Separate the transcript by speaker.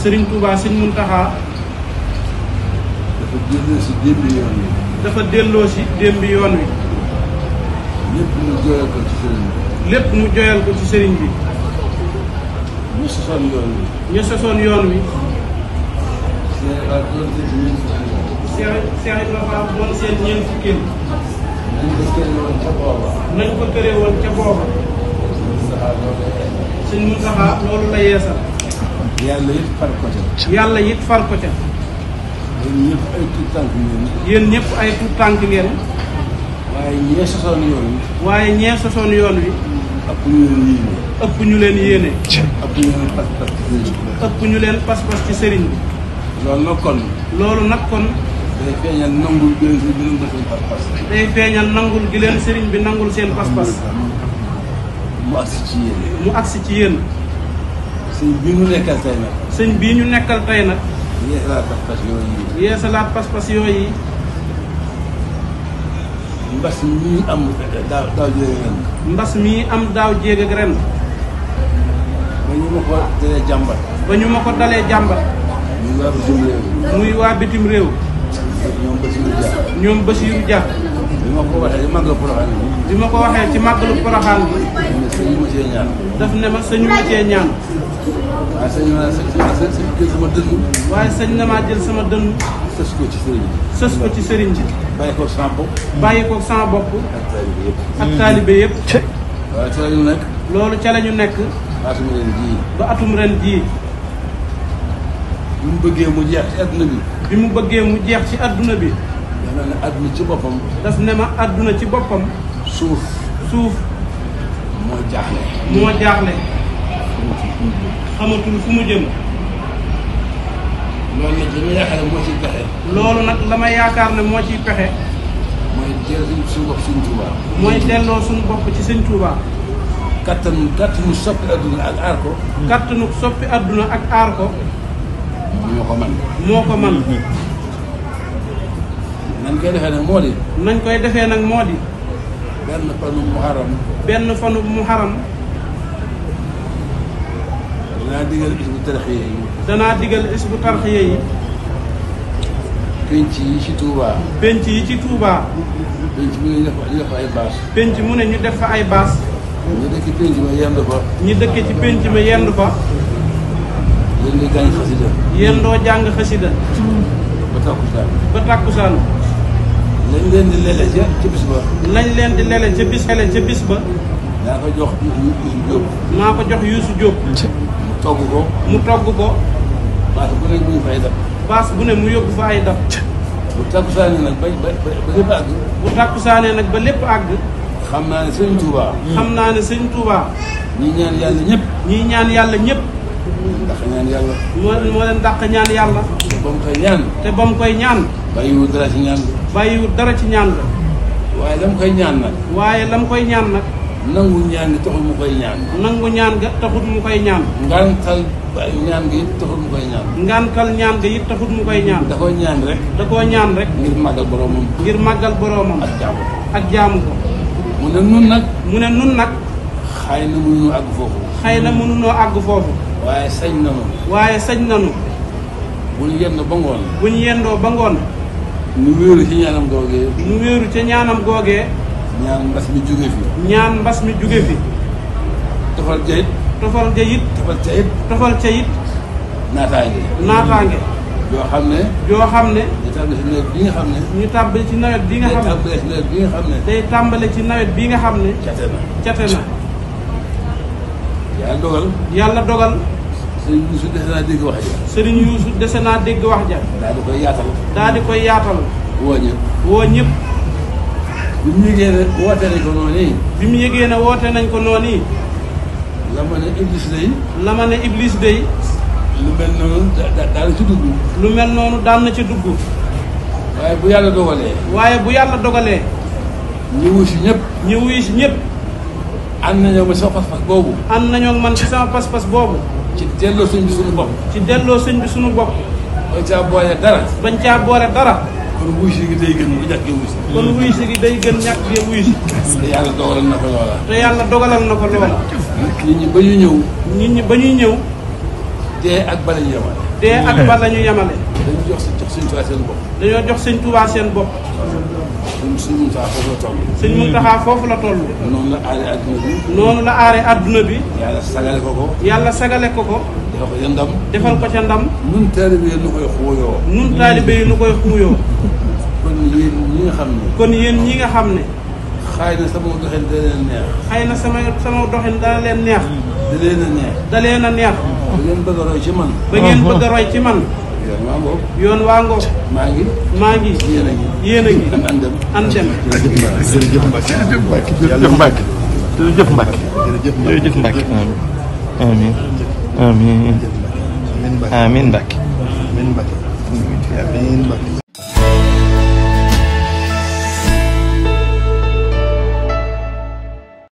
Speaker 1: Serigne Touba Sëñ Muntaxa dafa delloo si démbi yoon wi. dafa delloo si démbi yoon wi. lépp mu jooyal ko ci sëriñ bi. lépp mu jooyal ci sëriñ bi. ñu sosoon yoon wi. ñu sosoon yoon wi. Seex Ibra Faal doon seen ñeent fukki. nañ ko tëree woon ca booba. sëñ Muntaxa loolu la yeesal. yàlla it far ko ca. yàlla it far ko ca. yéen ñëpp ay tuut tànk ngeen. yéen ñëpp ay tuut tànk ngeen. waaye ñee sosoon yoon wi. waaye ñee sosoon yoon wi. ëpp ñu leen yéene. ëpp ñu leen yéene. ëpp pas-pas ci sëriñ bi. loolu nag kon. loolu nag kon. day feeñal nangul gi leen sëriñ bi nangul seen pas-pas. mu agsi ci yéen. mu agsi ci yéen. sëñ bii ñu nekkal tey nag. sëñ bii ñu nekkal tey nag. yeesalaat pas-pas yooyu. yeesalaat pas-pas yooyu. mbas mii am daaw daaw jéeg ak ren. mbas mii am daaw jéeg ak ren. ba ñu ma ko dalee jàmbat. ba ñu ma ko dalee jàmbat. muy waa bitim réew. muy waa bitim réew. ñoom Basiirou Dia. ñoom Basiirou Dia. bi ma ko waxee ci màggalu poroxaan bi. bi ma ko waxee ci màggalu poroxaan bi. daf ne ma sëñu ma cee ñaan. daf ne ma sëñu ma cee ñaan. waaye sañ na jël sama dënnu. waaye sañ na maa jël sama dënnu. sës ko ci sëriñ bi. sës ko ci sëriñ bi. bàyyi koog sama bopp. bàyyi koog sama bopp. ak taalibe yëpp. ak taalibe yëpp. loolu ca la ñu nekk. ba atum ren jii. ba atum ren jii. bi mu bëggee mu jeex ci adduna bi. bi mu bëggee mu jeex ci adduna bi. daf ne ma adduna ci boppam. daf ne ma adduna ci boppam. suuf. suuf. moo jaaxle. moo jaaxle. xamatul fu mu jëm. loolu nag li ma yaakaar moo ciy pexe. loolu nag la yaakaar ne moo ciy pexe. mooy delloo suñu bopp mooy delloo suñu bopp ci sëñ Touba. kattanu kattanu soppi adduna ak aar ko. kattanu soppi adduna ak aar ko. moo ko man moo ko man nañ koy defee nag moo di. nañ koy defee nag moo di. benn fanu muharam. benn fanu muharam. danaa digal is bu tarxiya yi. danaa digal is bu tarxiya yi. penc yi ci Touba. penc yi ci Touba. penc mu ne ñu def fa ay baas. penc mu ne ñu def fa ay baas. ñu dëkk ci penc ma yendu fa. ñu dëkk ci penc ma yendu fa. yendoo jàng xasida. yendoo jàng xasida. ba takkusaan. ba takkusaan. leen di lele ca ca leen di lele ca ca bis ba. naa ko jox Youssou Diop. naa ko jox Youssou Diop. togg ko. mu togg ko. baas bu ne bu ñu fay bu ne mu yóbbu fa ay def. bu takkusaanee nag ba ba ba lépp àgg. bu takkusaanee nag ba lépp àgg. xam naa ne sëñ Touba. xam naa ne sëñ Touba. ñii ñaan yàlla ñëpp. ñii ñaan yàlla ñëpp. dàq ñaan yàlla. moo moo leen dàq ñaan yàlla. te ba mu koy ñaan. te ba mu koy ñaan. bàyyiwul dara ci ñaan la. bàyyiwul dara ci ñaan la. waaye la mu koy ñaan nag. waaye la mu koy ñaan nag. nangu ñaan gi taxul mu koy ñaan. nangu ñaan ga taxul mu koy ñaan. ngànkal ñaan ga mu koy ñaan. ngànkal ñaan ga it taxul mu koy ñaan. da ñaan rek. da koo ngir màggal boroomam. ngir màggal boroomam. ak jaamu ko mu ne nun nag. mu ne nun nag. xay na mënunoo àgg foofu. xay na mënunoo àgg foofu. waaye sañ nanu. waaye sañ nanu. bu ñu yendoo ba ngoon. bu ñu yendoo ba ngoon. nu wéeru ci ñaanam googee. nu wéeru ca ñaanam googee. ñaan mbas mi jóge fi. ñaan mbas mi jóge fi. tofal ca it. tofal ca it. tofal ca it. naataange. naataange. yoo xam ne. yoo xam ne. ñu tàmbale ci nawet bi nga xam ne. ñu tàmbale ci nawet bi nga xam ne. day xam ne. day tàmbale ci nawet bi nga xam ne. cate na cate na. yàlla dogal. yàlla dogal. sëriñ Youssou dese naa dégg wax ja. sëriñ Youssou dese naa dégg wax ja. daal di koy yaatal. daal di koy yaatal. woo ñëpp. woo ñëpp. bi mu yëgee ne woote nañ ko noonu bi mu yëgee ne woote nañ ko noonu yi. la ma ne iblis day. la ma iblis day. lu mel noonu da daan na ci dugg. lu mel noonu daan na ci dugg. waaye bu yàlla dogalee. waaye bu yàlla dogalee. ñi wuyu si ñëpp. ñi wuyu si ñëpp. ànd nañoo man sama pas-pas boobu. ànd nañoo man ci sama pas-pas boobu. ci delloo sëñ bi suñu bopp. ci delloo sëñ bi suñu bopp. bañ caa boole dara. bañ caa boole dara. kon wuyu si gi day gën mu ñàkkee si. kon wuyu si gi day gën ñàkkee wuyu si. te yàlla dogalal na ko loola. te yàlla dogalal na ko loola. nit ñi ba ñu ñëw. nit ñi ba ñuy ñëw. dee ak bala ñu dee ak ba la ñu yemale. dañoo jox sëñ Tuubaa seen bopp. dañoo jox sëñ Tuubaa seen bopp. sëñ Muntaxa foofu foofu la toll. noonu la aaree adduna bi. noonu la aaree adduna bi. yàlla sagale ko ko. yàlla sagale ko ko. defal ko ca ndam. defal ko ca ndam. nun taalibe yi nu koy xuuyoo. nun taalibe nu koy xuuyoo. kon yéen ñi nga xam ne. kon yéen ñi nga xam ne. xëy na sama doxin dana leen neex. xëy na sama doxin dana leen neex. da leen a neex. da leen neex. ba ngeen bëgg a roy ci man. ba ngeen bëgg a roy ci man. yoon waa ngoog. yoon waa ngoog. maa ngi. maa ngi yéen a ngi. yéen a ngi an dem. an dem. jërëjëf